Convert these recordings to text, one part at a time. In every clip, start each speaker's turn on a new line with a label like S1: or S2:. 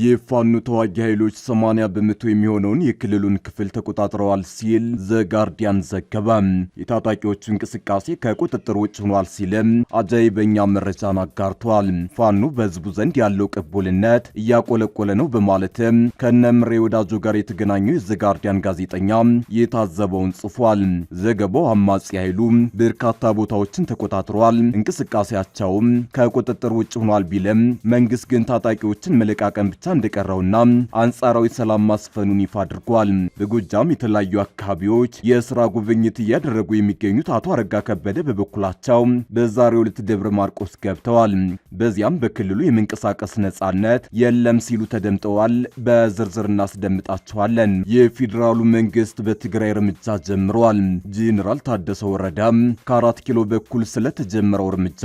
S1: የፋኖ ተዋጊ ኃይሎች 80 በመቶ የሚሆነውን የክልሉን ክፍል ተቆጣጥረዋል ሲል ጋርዲያን ዘገበ። የታጣቂዎቹ እንቅስቃሴ ከቁጥጥር ውጭ ሆኗል ሲልም አጃይበኛ መረጃን አጋርቷል። ፋኖ በህዝቡ ዘንድ ያለው ቅቡልነት እያቆለቆለ ነው በማለትም ከነምሬ ወዳጆ ጋር የተገናኘው ጋርዲያን ጋዜጠኛ የታዘበውን ጽፏል። ዘገባው አማጺ ኃይሉ በርካታ ቦታዎችን ተቆጣጥረዋል፣ እንቅስቃሴያቸውም ከቁጥጥር ውጭ ሆኗል ቢልም መንግስት ግን ታጣቂዎችን መለቃቀም ብቻ እንደቀረውና አንጻራዊ ሰላም ማስፈኑን ይፋ አድርጓል። በጎጃም የተለያዩ አካባቢዎች የስራ ጉብኝት እያደረጉ የሚገኙት አቶ አረጋ ከበደ በበኩላቸው በዛሬው ዕለት ደብረ ማርቆስ ገብተዋል። በዚያም በክልሉ የመንቀሳቀስ ነጻነት የለም ሲሉ ተደምጠዋል። በዝርዝር እናስደምጣቸዋለን። የፌዴራሉ መንግስት በትግራይ እርምጃ ጀምረዋል። ጄኔራል ታደሰ ወረዳ ከአራት ኪሎ በኩል ስለተጀመረው እርምጃ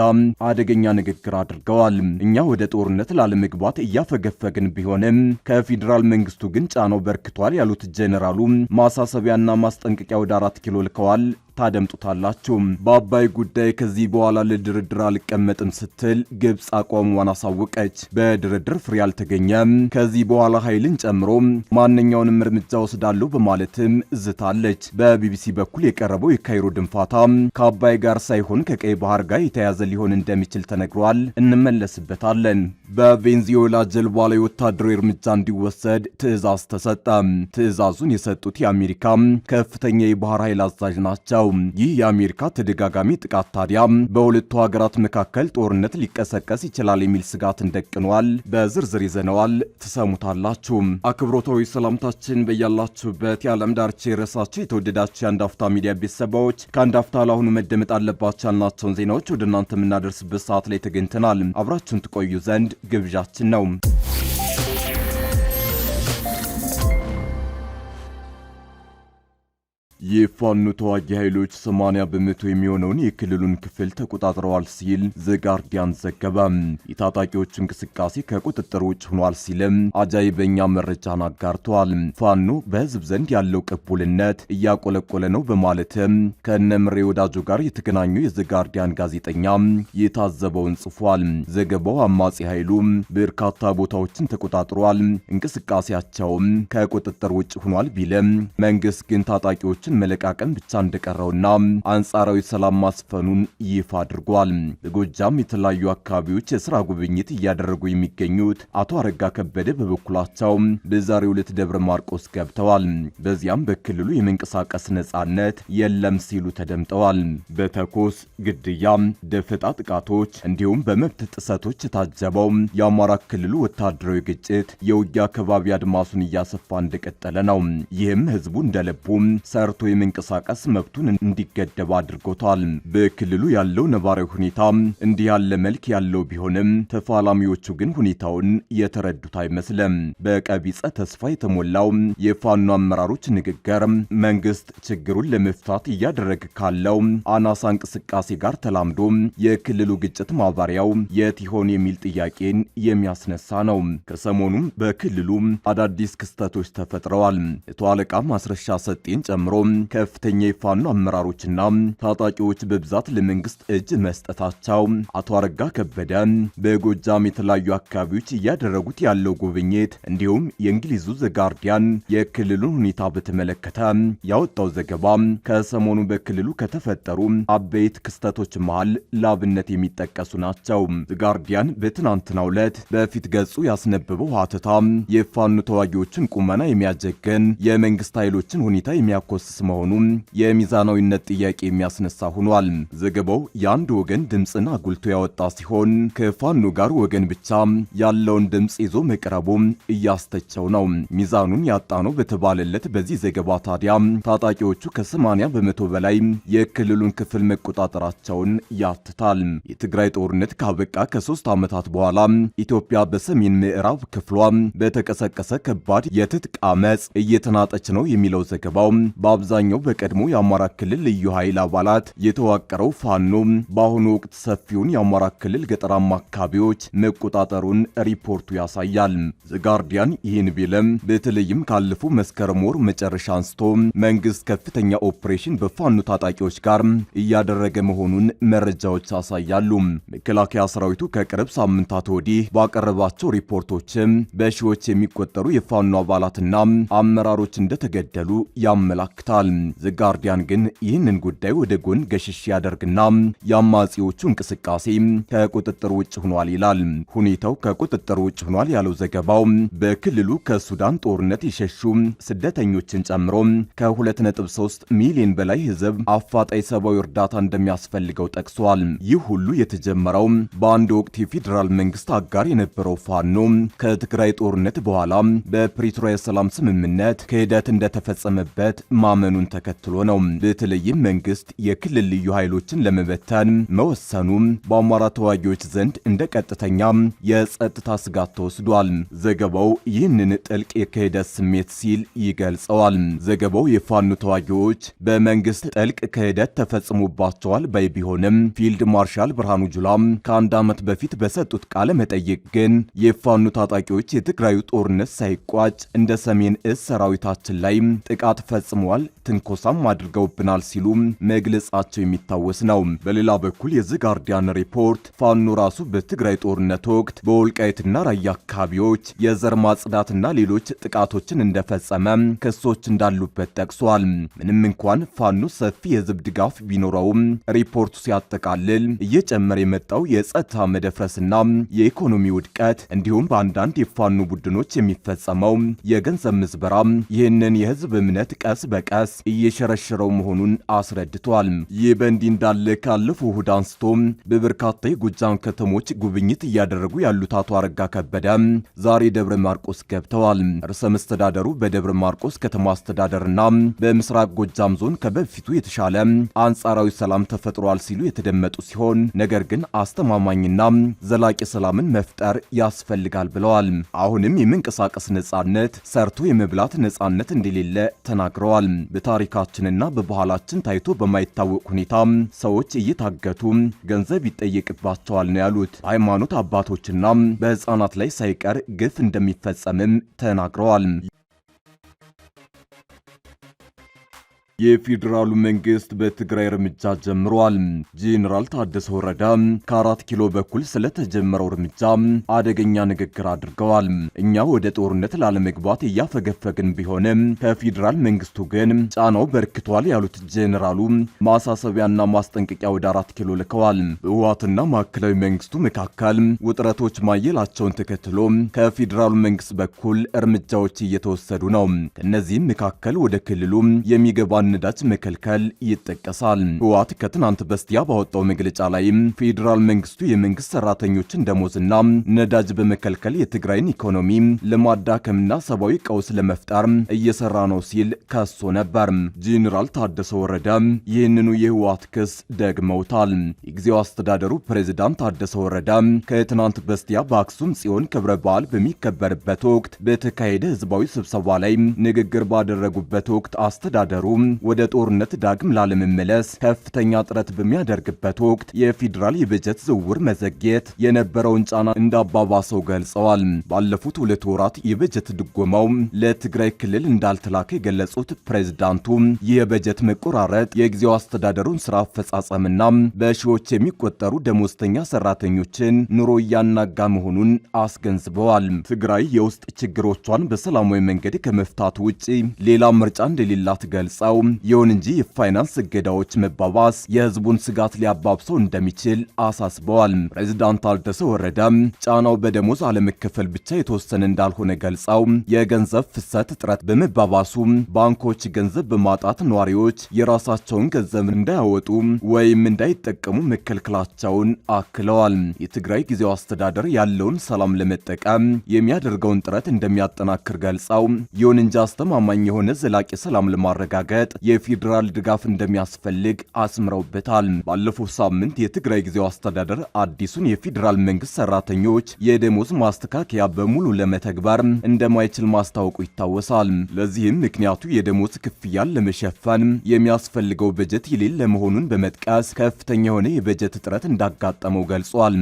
S1: አደገኛ ንግግር አድርገዋል። እኛ ወደ ጦርነት ላለመግባት እያፈገፈግን ቢሆንም ከፌዴራል መንግስቱ ግን ጫናው በርክቷል ያሉት ጄኔራሉ ማሳሰቢያና ማስጠንቀቂያ ወደ አራት ኪሎ ልከዋል። ታደምጡታላችሁ። በአባይ ጉዳይ ከዚህ በኋላ ለድርድር አልቀመጥም ስትል ግብፅ አቋሟን አሳወቀች። በድርድር ፍሬ አልተገኘም። ከዚህ በኋላ ኃይልን ጨምሮ ማንኛውንም እርምጃ ወስዳለሁ በማለትም ዝታለች። በቢቢሲ በኩል የቀረበው የካይሮ ድንፋታ ከአባይ ጋር ሳይሆን ከቀይ ባህር ጋር የተያዘ ሊሆን እንደሚችል ተነግሯል። እንመለስበታለን። በቬንዚዌላ ጀልባ ላይ ወታደራዊ እርምጃ እንዲወሰድ ትዕዛዝ ተሰጠ። ትዕዛዙን የሰጡት የአሜሪካ ከፍተኛ የባህር ኃይል አዛዥ ናቸው። ነው። ይህ የአሜሪካ ተደጋጋሚ ጥቃት ታዲያ በሁለቱ ሀገራት መካከል ጦርነት ሊቀሰቀስ ይችላል የሚል ስጋትን ደቅኗል። በዝርዝር ይዘነዋል፣ ትሰሙታላችሁ። አክብሮታዊ ሰላምታችን በያላችሁበት የዓለም ዳርቻ የረሳችሁ የተወደዳችሁ የአንድ ሚዲያ ቤተሰባዎች ከአንድ አፍታ ለአሁኑ መደመጥ አለባቸው ያልናቸውን ዜናዎች ወደ እናንተ የምናደርስበት ሰዓት ላይ ተገኝተናል። አብራችሁን ትቆዩ ዘንድ ግብዣችን ነው። የፋኖ ተዋጊ ኃይሎች 80 በመቶ የሚሆነውን የክልሉን ክፍል ተቆጣጥረዋል ሲል ዘጋርዲያን ዘገበ። የታጣቂዎች እንቅስቃሴ ከቁጥጥር ውጭ ሆኗል ሲልም አጃይበኛ መረጃን አጋርተዋል። ፋኖ በህዝብ ዘንድ ያለው ቅቡልነት እያቆለቆለ ነው በማለትም ከነምሬ ወዳጆ ጋር የተገናኙ የዘጋርዲያን ጋዜጠኛ የታዘበውን ጽፏል። ዘገባው አማጺ ኃይሉ በርካታ ቦታዎችን ተቆጣጥሯል፣ እንቅስቃሴያቸውም ከቁጥጥር ውጭ ሆኗል ቢልም መንግስት ግን ታጣቂዎችን መለቃቀም ብቻ እንደቀረውና አንጻራዊ ሰላም ማስፈኑን ይፋ አድርጓል። በጎጃም የተለያዩ አካባቢዎች የስራ ጉብኝት እያደረጉ የሚገኙት አቶ አረጋ ከበደ በበኩላቸው በዛሬው ዕለት ደብረ ማርቆስ ገብተዋል። በዚያም በክልሉ የመንቀሳቀስ ነጻነት የለም ሲሉ ተደምጠዋል። በተኮስ ግድያ፣ ደፈጣ ጥቃቶች እንዲሁም በመብት ጥሰቶች የታጀበው የአማራ ክልሉ ወታደራዊ ግጭት የውጊያ አካባቢ አድማሱን እያሰፋ እንደቀጠለ ነው። ይህም ህዝቡ እንደልቡ ሰርቶ ወጥቶ የመንቀሳቀስ መብቱን እንዲገደብ አድርጎታል። በክልሉ ያለው ነባራዊ ሁኔታ እንዲህ ያለ መልክ ያለው ቢሆንም ተፋላሚዎቹ ግን ሁኔታውን የተረዱት አይመስልም። በቀቢጸ ተስፋ የተሞላው የፋኖ አመራሮች ንግግር መንግስት ችግሩን ለመፍታት እያደረገ ካለው አናሳ እንቅስቃሴ ጋር ተላምዶ የክልሉ ግጭት ማባሪያው የት ይሆን የሚል ጥያቄን የሚያስነሳ ነው። ከሰሞኑም በክልሉ አዳዲስ ክስተቶች ተፈጥረዋል። የተዋለቃ አለቃ ማስረሻ ሰጤን ጨምሮ ከፍተኛ የፋኖ አመራሮችና ታጣቂዎች በብዛት ለመንግስት እጅ መስጠታቸው አቶ አረጋ ከበደ በጎጃም የተለያዩ አካባቢዎች እያደረጉት ያለው ጉብኝት እንዲሁም የእንግሊዙ ዘጋርዲያን የክልሉን ሁኔታ በተመለከተ ያወጣው ዘገባ ከሰሞኑ በክልሉ ከተፈጠሩ አበይት ክስተቶች መሃል ላብነት የሚጠቀሱ ናቸው። ዘጋርዲያን በትናንትናው ዕለት በፊት ገጹ ያስነበበው ሀተታ የፋኖ ተዋጊዎችን ቁመና የሚያጀገን የመንግስት ኃይሎችን ሁኔታ የሚያኮስስ ክስ መሆኑም የሚዛናዊነት ጥያቄ የሚያስነሳ ሆኗል። ዘገባው የአንድ ወገን ድምፅን አጉልቶ ያወጣ ሲሆን ከፋኖ ጋር ወገን ብቻ ያለውን ድምፅ ይዞ መቅረቡ እያስተቸው ነው። ሚዛኑን ያጣ ነው በተባለለት በዚህ ዘገባ ታዲያ ታጣቂዎቹ ከ80 በመቶ በላይ የክልሉን ክፍል መቆጣጠራቸውን ያትታል። የትግራይ ጦርነት ካበቃ ከሶስት ዓመታት በኋላ ኢትዮጵያ በሰሜን ምዕራብ ክፍሏ በተቀሰቀሰ ከባድ የትጥቅ አመፅ እየተናጠች ነው የሚለው ዘገባው በአብዛ በአብዛኛው በቀድሞ የአማራ ክልል ልዩ ኃይል አባላት የተዋቀረው ፋኖ በአሁኑ ወቅት ሰፊውን የአማራ ክልል ገጠራማ አካባቢዎች መቆጣጠሩን ሪፖርቱ ያሳያል። ዘጋርዲያን ይህን ቢለም በተለይም ካለፉ መስከረም ወር መጨረሻ አንስቶ መንግስት ከፍተኛ ኦፕሬሽን በፋኖ ታጣቂዎች ጋር እያደረገ መሆኑን መረጃዎች ያሳያሉ። መከላከያ ሰራዊቱ ከቅርብ ሳምንታት ወዲህ ባቀረባቸው ሪፖርቶችም በሺዎች የሚቆጠሩ የፋኖ አባላትና አመራሮች እንደተገደሉ ያመላክታል። ይገልጻል። ዘጋርዲያን ግን ይህንን ጉዳይ ወደ ጎን ገሸሽ ያደርግና የአማጺዎቹ እንቅስቃሴ ከቁጥጥር ውጭ ሆኗል ይላል። ሁኔታው ከቁጥጥር ውጭ ሆኗል ያለው ዘገባው በክልሉ ከሱዳን ጦርነት የሸሹ ስደተኞችን ጨምሮ ከ2.3 ሚሊዮን በላይ ሕዝብ አፋጣኝ ሰብአዊ እርዳታ እንደሚያስፈልገው ጠቅሷል። ይህ ሁሉ የተጀመረው በአንድ ወቅት የፌዴራል መንግስት አጋር የነበረው ፋኖ ከትግራይ ጦርነት በኋላ በፕሪቶሪያ የሰላም ስምምነት ክህደት እንደተፈጸመበት ማመ መመናመኑን ተከትሎ ነው። በተለይም መንግስት የክልል ልዩ ኃይሎችን ለመበተን መወሰኑ በአማራ ተዋጊዎች ዘንድ እንደ ቀጥተኛ የጸጥታ ስጋት ተወስዷል። ዘገባው ይህንን ጥልቅ የክህደት ስሜት ሲል ይገልጸዋል። ዘገባው የፋኑ ተዋጊዎች በመንግስት ጥልቅ ክህደት ተፈጽሞባቸዋል ባይ ቢሆንም ፊልድ ማርሻል ብርሃኑ ጁላ ከአንድ ዓመት በፊት በሰጡት ቃለ መጠይቅ ግን የፋኑ ታጣቂዎች የትግራዩ ጦርነት ሳይቋጭ እንደ ሰሜን እዝ ሰራዊታችን ላይ ጥቃት ፈጽመዋል ትንኮሳም አድርገውብናል ሲሉ መግለጻቸው የሚታወስ ነው። በሌላ በኩል የዚህ ሪፖርት ፋኖ ራሱ በትግራይ ጦርነት ወቅት በወልቃይትና ራያ አካባቢዎች የዘር ማጽዳትና ሌሎች ጥቃቶችን እንደፈጸመ ክሶች እንዳሉበት ጠቅሷል። ምንም እንኳን ፋኖ ሰፊ የህዝብ ድጋፍ ቢኖረውም ሪፖርቱ ሲያጠቃልል እየጨመረ የመጣው የጸጥታ መደፍረስና የኢኮኖሚ ውድቀት እንዲሁም በአንዳንድ የፋኖ ቡድኖች የሚፈጸመው የገንዘብ ምዝበራ ይህንን የህዝብ እምነት ቀስ በቀስ መንፈስ እየሸረሸረው መሆኑን አስረድቷል። ይህ በእንዲህ እንዳለ ካለፈው እሁድ አንስቶ በበርካታ የጎጃም ከተሞች ጉብኝት እያደረጉ ያሉት አቶ አረጋ ከበደ ዛሬ ደብረ ማርቆስ ገብተዋል። ርዕሰ መስተዳደሩ በደብረ ማርቆስ ከተማ አስተዳደርና በምስራቅ ጎጃም ዞን ከበፊቱ የተሻለ አንጻራዊ ሰላም ተፈጥሯል ሲሉ የተደመጡ ሲሆን ነገር ግን አስተማማኝና ዘላቂ ሰላምን መፍጠር ያስፈልጋል ብለዋል። አሁንም የመንቀሳቀስ ነጻነት፣ ሰርቶ የመብላት ነጻነት እንደሌለ ተናግረዋል። በታሪካችንና በባህላችን ታይቶ በማይታወቅ ሁኔታ ሰዎች እየታገቱ ገንዘብ ይጠየቅባቸዋል ነው ያሉት። በሃይማኖት አባቶችና በህፃናት ላይ ሳይቀር ግፍ እንደሚፈጸምም ተናግረዋል። የፌዴራሉ መንግስት በትግራይ እርምጃ ጀምሯል። ጄኔራል ታደሰ ወረዳ ከአራት ኪሎ በኩል ስለተጀመረው እርምጃ አደገኛ ንግግር አድርገዋል። እኛ ወደ ጦርነት ላለመግባት እያፈገፈግን ቢሆንም ከፌዴራል መንግስቱ ግን ጫናው በርክቷል ያሉት ጄኔራሉ ማሳሰቢያና ማስጠንቀቂያ ወደ አራት ኪሎ ልከዋል። በህወሓትና ማዕከላዊ መንግስቱ መካከል ውጥረቶች ማየላቸውን ተከትሎ ከፌዴራሉ መንግስት በኩል እርምጃዎች እየተወሰዱ ነው። ከእነዚህም መካከል ወደ ክልሉ የሚገባ ነዳጅ መከልከል ይጠቀሳል። ህወሓት ከትናንት በስቲያ ባወጣው መግለጫ ላይም ፌዴራል መንግስቱ የመንግስት ሰራተኞችን ደሞዝና ነዳጅ በመከልከል የትግራይን ኢኮኖሚ ለማዳከምና ሰብአዊ ቀውስ ለመፍጠር እየሰራ ነው ሲል ከሶ ነበር። ጄኔራል ታደሰ ወረደ ይህንኑ የህወሓት ክስ ደግመውታል። የጊዜው አስተዳደሩ ፕሬዚዳንት ታደሰ ወረደ ከትናንት በስቲያ በአክሱም ጽዮን ክብረ በዓል በሚከበርበት ወቅት በተካሄደ ህዝባዊ ስብሰባ ላይ ንግግር ባደረጉበት ወቅት አስተዳደሩ ወደ ጦርነት ዳግም ላለመመለስ ከፍተኛ ጥረት በሚያደርግበት ወቅት የፌዴራል የበጀት ዝውውር መዘግየት የነበረውን ጫና እንዳባባሰው ገልጸዋል። ባለፉት ሁለት ወራት የበጀት ድጎማው ለትግራይ ክልል እንዳልተላከ የገለጹት ፕሬዝዳንቱ ይህ የበጀት መቆራረጥ የጊዜው አስተዳደሩን ስራ አፈጻጸምና በሺዎች የሚቆጠሩ ደሞዝተኛ ሰራተኞችን ኑሮ እያናጋ መሆኑን አስገንዝበዋል። ትግራይ የውስጥ ችግሮቿን በሰላማዊ መንገድ ከመፍታት ውጭ ሌላ ምርጫ እንደሌላት ገልጸው ይሁን እንጂ የፋይናንስ እገዳዎች መባባስ የህዝቡን ስጋት ሊያባብሰው እንደሚችል አሳስበዋል። ፕሬዚዳንት ታደሰ ወረደም ጫናው በደሞዝ አለመከፈል ብቻ የተወሰነ እንዳልሆነ ገልጸው የገንዘብ ፍሰት እጥረት በመባባሱ ባንኮች ገንዘብ በማጣት ነዋሪዎች የራሳቸውን ገንዘብ እንዳያወጡ ወይም እንዳይጠቀሙ መከልከላቸውን አክለዋል። የትግራይ ጊዜው አስተዳደር ያለውን ሰላም ለመጠቀም የሚያደርገውን ጥረት እንደሚያጠናክር ገልጸው ይሁን እንጂ አስተማማኝ የሆነ ዘላቂ ሰላም ለማረጋገጥ የፌዴራል ድጋፍ እንደሚያስፈልግ አስምረውበታል። ባለፈው ሳምንት የትግራይ ጊዜያዊ አስተዳደር አዲሱን የፌዴራል መንግስት ሰራተኞች የደሞዝ ማስተካከያ በሙሉ ለመተግበር እንደማይችል ማስታወቁ ይታወሳል። ለዚህም ምክንያቱ የደሞዝ ክፍያን ለመሸፈን የሚያስፈልገው በጀት የሌለ መሆኑን በመጥቀስ ከፍተኛ የሆነ የበጀት እጥረት እንዳጋጠመው ገልጿል።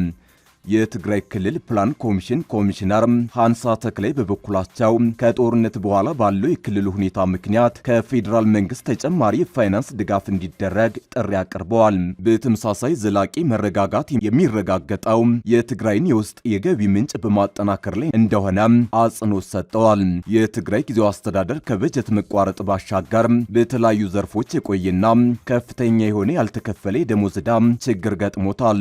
S1: የትግራይ ክልል ፕላን ኮሚሽን ኮሚሽነር ሃንሳ ተክላይ በበኩላቸው ከጦርነት በኋላ ባለው የክልሉ ሁኔታ ምክንያት ከፌዴራል መንግስት ተጨማሪ የፋይናንስ ድጋፍ እንዲደረግ ጥሪ አቅርበዋል። በተመሳሳይ ዘላቂ መረጋጋት የሚረጋገጠው የትግራይን የውስጥ የገቢ ምንጭ በማጠናከር ላይ እንደሆነ አጽንኦት ሰጥተዋል። የትግራይ ጊዜው አስተዳደር ከበጀት መቋረጥ ባሻገር በተለያዩ ዘርፎች የቆየና ከፍተኛ የሆነ ያልተከፈለ የደሞዝ ዕዳ ችግር ገጥሞታል።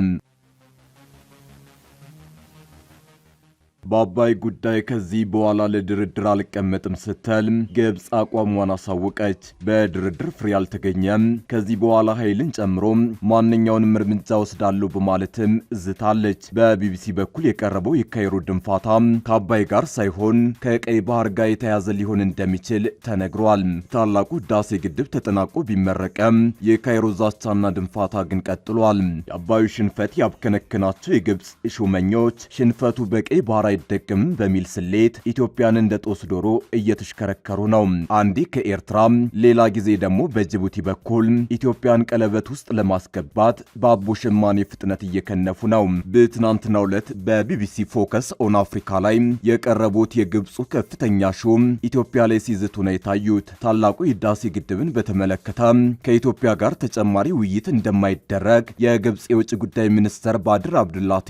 S1: በአባይ ጉዳይ ከዚህ በኋላ ለድርድር አልቀመጥም ስትል ግብፅ አቋሟን አሳወቀች። በድርድር ፍሬ አልተገኘም፣ ከዚህ በኋላ ኃይልን ጨምሮ ማንኛውንም እርምጃ ወስዳለሁ በማለትም ዝታለች። በቢቢሲ በኩል የቀረበው የካይሮ ድንፋታ ከአባይ ጋር ሳይሆን ከቀይ ባህር ጋር የተያዘ ሊሆን እንደሚችል ተነግሯል። ታላቁ ህዳሴ ግድብ ተጠናቆ ቢመረቀም የካይሮ ዛቻና ድንፋታ ግን ቀጥሏል። የአባዩ ሽንፈት ያብከነክናቸው የግብፅ ሹመኞች ሽንፈቱ በቀይ ባህር አይደቅም በሚል ስሌት ኢትዮጵያን እንደ ጦስ ዶሮ እየተሽከረከሩ ነው። አንዴ ከኤርትራ ሌላ ጊዜ ደግሞ በጅቡቲ በኩል ኢትዮጵያን ቀለበት ውስጥ ለማስገባት በአቦ ሸማኔ ፍጥነት እየከነፉ ነው። በትናንትናው ዕለት በቢቢሲ ፎከስ ኦን አፍሪካ ላይ የቀረቡት የግብፁ ከፍተኛ ሹም ኢትዮጵያ ላይ ሲዝቱ ነው የታዩት። ታላቁ የህዳሴ ግድብን በተመለከተ ከኢትዮጵያ ጋር ተጨማሪ ውይይት እንደማይደረግ የግብፅ የውጭ ጉዳይ ሚኒስተር ባድር አብዱላቲ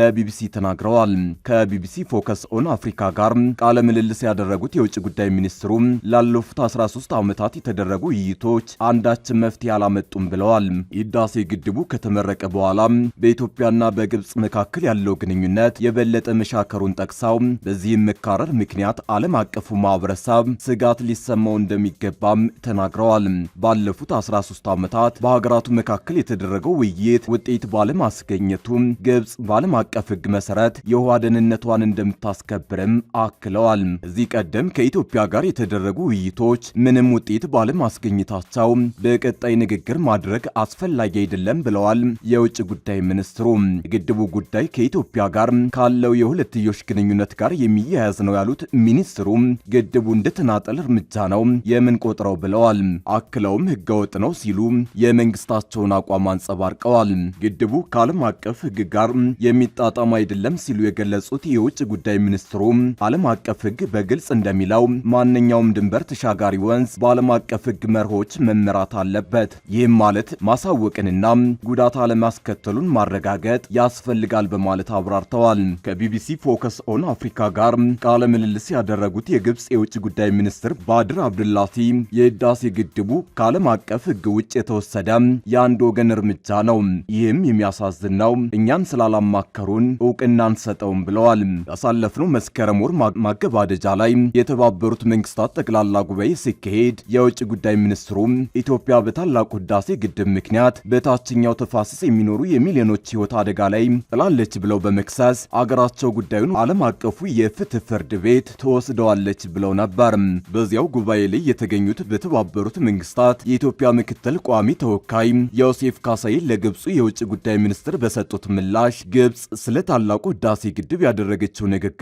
S1: ለቢቢሲ ተናግረዋል። ከቢቢሲ ከቢቢሲ ፎከስ ኦን አፍሪካ ጋር ቃለ ምልልስ ያደረጉት የውጭ ጉዳይ ሚኒስትሩ ላለፉት 13 ዓመታት የተደረጉ ውይይቶች አንዳችን መፍትሄ አላመጡም ብለዋል። ህዳሴ ግድቡ ከተመረቀ በኋላ በኢትዮጵያና በግብፅ መካከል ያለው ግንኙነት የበለጠ መሻከሩን ጠቅሰው በዚህም መካረር ምክንያት ዓለም አቀፉ ማህበረሰብ ስጋት ሊሰማው እንደሚገባም ተናግረዋል። ባለፉት 13 ዓመታት በሀገራቱ መካከል የተደረገው ውይይት ውጤት ባለማስገኘቱ ግብፅ በዓለም አቀፍ ህግ መሰረት የውሃ ደህንነቷን መብቷን እንደምታስከብርም አክለዋል። ከዚህ ቀደም ከኢትዮጵያ ጋር የተደረጉ ውይይቶች ምንም ውጤት ባለማስገኘታቸው በቀጣይ ንግግር ማድረግ አስፈላጊ አይደለም ብለዋል። የውጭ ጉዳይ ሚኒስትሩ የግድቡ ጉዳይ ከኢትዮጵያ ጋር ካለው የሁለትዮሽ ግንኙነት ጋር የሚያያዝ ነው ያሉት ሚኒስትሩ ግድቡ እንደ እርምጃ ነው የምንቆጥረው ብለዋል። አክለውም ህገወጥ ነው ሲሉ የመንግስታቸውን አቋም አንጸባርቀዋል። ግድቡ ከዓለም አቀፍ ህግ ጋር የሚጣጣም አይደለም ሲሉ የገለጹት የው የውጭ ጉዳይ ሚኒስትሩ ዓለም አቀፍ ሕግ በግልጽ እንደሚለው ማንኛውም ድንበር ተሻጋሪ ወንዝ በዓለም አቀፍ ሕግ መርሆች መመራት አለበት። ይህም ማለት ማሳወቅንና ጉዳት አለማስከተሉን ማረጋገጥ ያስፈልጋል በማለት አብራርተዋል። ከቢቢሲ ፎከስ ኦን አፍሪካ ጋር ቃለ ምልልስ ያደረጉት የግብፅ የውጭ ጉዳይ ሚኒስትር ባድር አብድላቲ የህዳሴ ግድቡ ከዓለም አቀፍ ሕግ ውጭ የተወሰደ የአንድ ወገን እርምጃ ነው። ይህም የሚያሳዝን ነው። እኛን ስላላማከሩን እውቅና አንሰጠውም ብለዋል። ያሳለፍነው መስከረም ወር ማገባደጃ ላይ የተባበሩት መንግስታት ጠቅላላ ጉባኤ ሲካሄድ የውጭ ጉዳይ ሚኒስትሩ ኢትዮጵያ በታላቁ ህዳሴ ግድብ ምክንያት በታችኛው ተፋሰስ የሚኖሩ የሚሊዮኖች ህይወት አደጋ ላይ ጥላለች ብለው በመክሰስ አገራቸው ጉዳዩን ዓለም አቀፉ የፍትህ ፍርድ ቤት ተወስደዋለች ብለው ነበር። በዚያው ጉባኤ ላይ የተገኙት በተባበሩት መንግስታት የኢትዮጵያ ምክትል ቋሚ ተወካይ ዮሴፍ ካሳይ ለግብፁ የውጭ ጉዳይ ሚኒስትር በሰጡት ምላሽ ግብፅ ስለ ታላቁ ህዳሴ ግድብ ያደረገ ያደረገችው ንግግር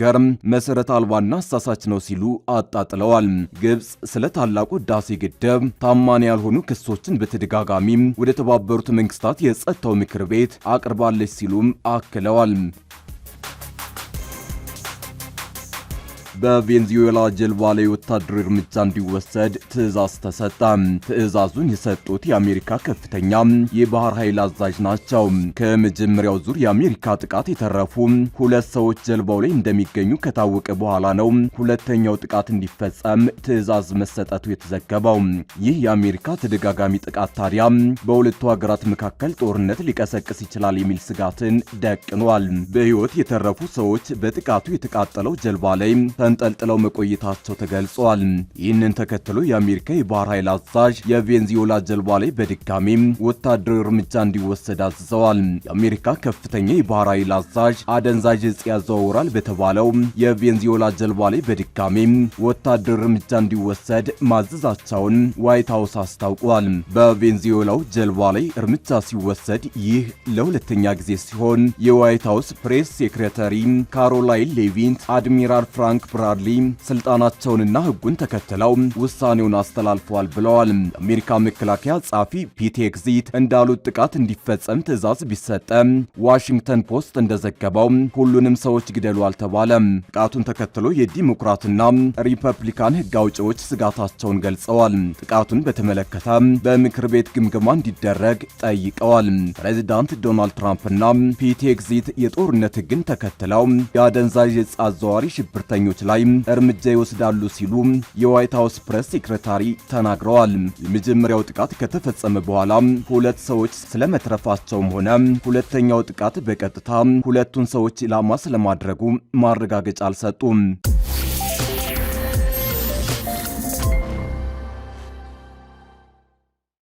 S1: መሰረት አልባና አሳሳች ነው ሲሉ አጣጥለዋል። ግብጽ ስለ ታላቁ ህዳሴ ግድብ ታማኝ ያልሆኑ ክሶችን በተደጋጋሚ ወደ ተባበሩት መንግስታት የጸጥታው ምክር ቤት አቅርባለች ሲሉም አክለዋል። በቬንዙዌላ ጀልባ ላይ ወታደራዊ እርምጃ እንዲወሰድ ትዕዛዝ ተሰጠ። ትዕዛዙን የሰጡት የአሜሪካ ከፍተኛ የባህር ኃይል አዛዥ ናቸው። ከመጀመሪያው ዙር የአሜሪካ ጥቃት የተረፉ ሁለት ሰዎች ጀልባው ላይ እንደሚገኙ ከታወቀ በኋላ ነው ሁለተኛው ጥቃት እንዲፈጸም ትዕዛዝ መሰጠቱ የተዘገበው። ይህ የአሜሪካ ተደጋጋሚ ጥቃት ታዲያ በሁለቱ ሀገራት መካከል ጦርነት ሊቀሰቅስ ይችላል የሚል ስጋትን ደቅኗል። በሕይወት የተረፉ ሰዎች በጥቃቱ የተቃጠለው ጀልባ ላይ ተንጠልጥለው መቆየታቸው ተገልጿል። ይህንን ተከትሎ የአሜሪካ የባህር ኃይል አዛዥ የቬንዚዮላ ጀልባ ላይ በድጋሜም ወታደራዊ እርምጃ እንዲወሰድ አዝዘዋል። የአሜሪካ ከፍተኛ የባህር ኃይል አዛዥ አደንዛዥ እጽ ያዘዋውራል በተባለው የቬንዚዮላ ጀልባ ላይ በድጋሜም ወታደራዊ እርምጃ እንዲወሰድ ማዘዛቸውን ዋይት ሀውስ አስታውቋል። በቬንዚዮላው ጀልባ ላይ እርምጃ ሲወሰድ ይህ ለሁለተኛ ጊዜ ሲሆን የዋይት ሀውስ ፕሬስ ሴክሬታሪ ካሮላይን ሌቪንት አድሚራል ፍራንክ ብራድሊ ስልጣናቸውንና ህጉን ተከትለው ውሳኔውን አስተላልፈዋል ብለዋል። የአሜሪካ መከላከያ ጸሐፊ ፒት እንዳሉት ጥቃት እንዲፈጸም ትዕዛዝ ቢሰጠም ዋሽንግተን ፖስት እንደዘገበው ሁሉንም ሰዎች ግደሉ አልተባለም። ጥቃቱን ተከትሎ የዲሞክራትና ሪፐብሊካን ህግ አውጪዎች ስጋታቸውን ገልጸዋል። ጥቃቱን በተመለከተ በምክር ቤት ግምገማ እንዲደረግ ጠይቀዋል። ፕሬዚዳንት ዶናልድ ትራምፕና ፒት የጦርነት ህግን ተከትለው የአደንዛዥ ዕፅ አዘዋዋሪ ሽብርተኞች ላይ እርምጃ ይወስዳሉ ሲሉ የዋይት ሀውስ ፕሬስ ሴክሬታሪ ተናግረዋል። የመጀመሪያው ጥቃት ከተፈጸመ በኋላ ሁለት ሰዎች ስለመትረፋቸውም ሆነ ሁለተኛው ጥቃት በቀጥታ ሁለቱን ሰዎች ኢላማ ስለማድረጉ ማረጋገጫ አልሰጡም።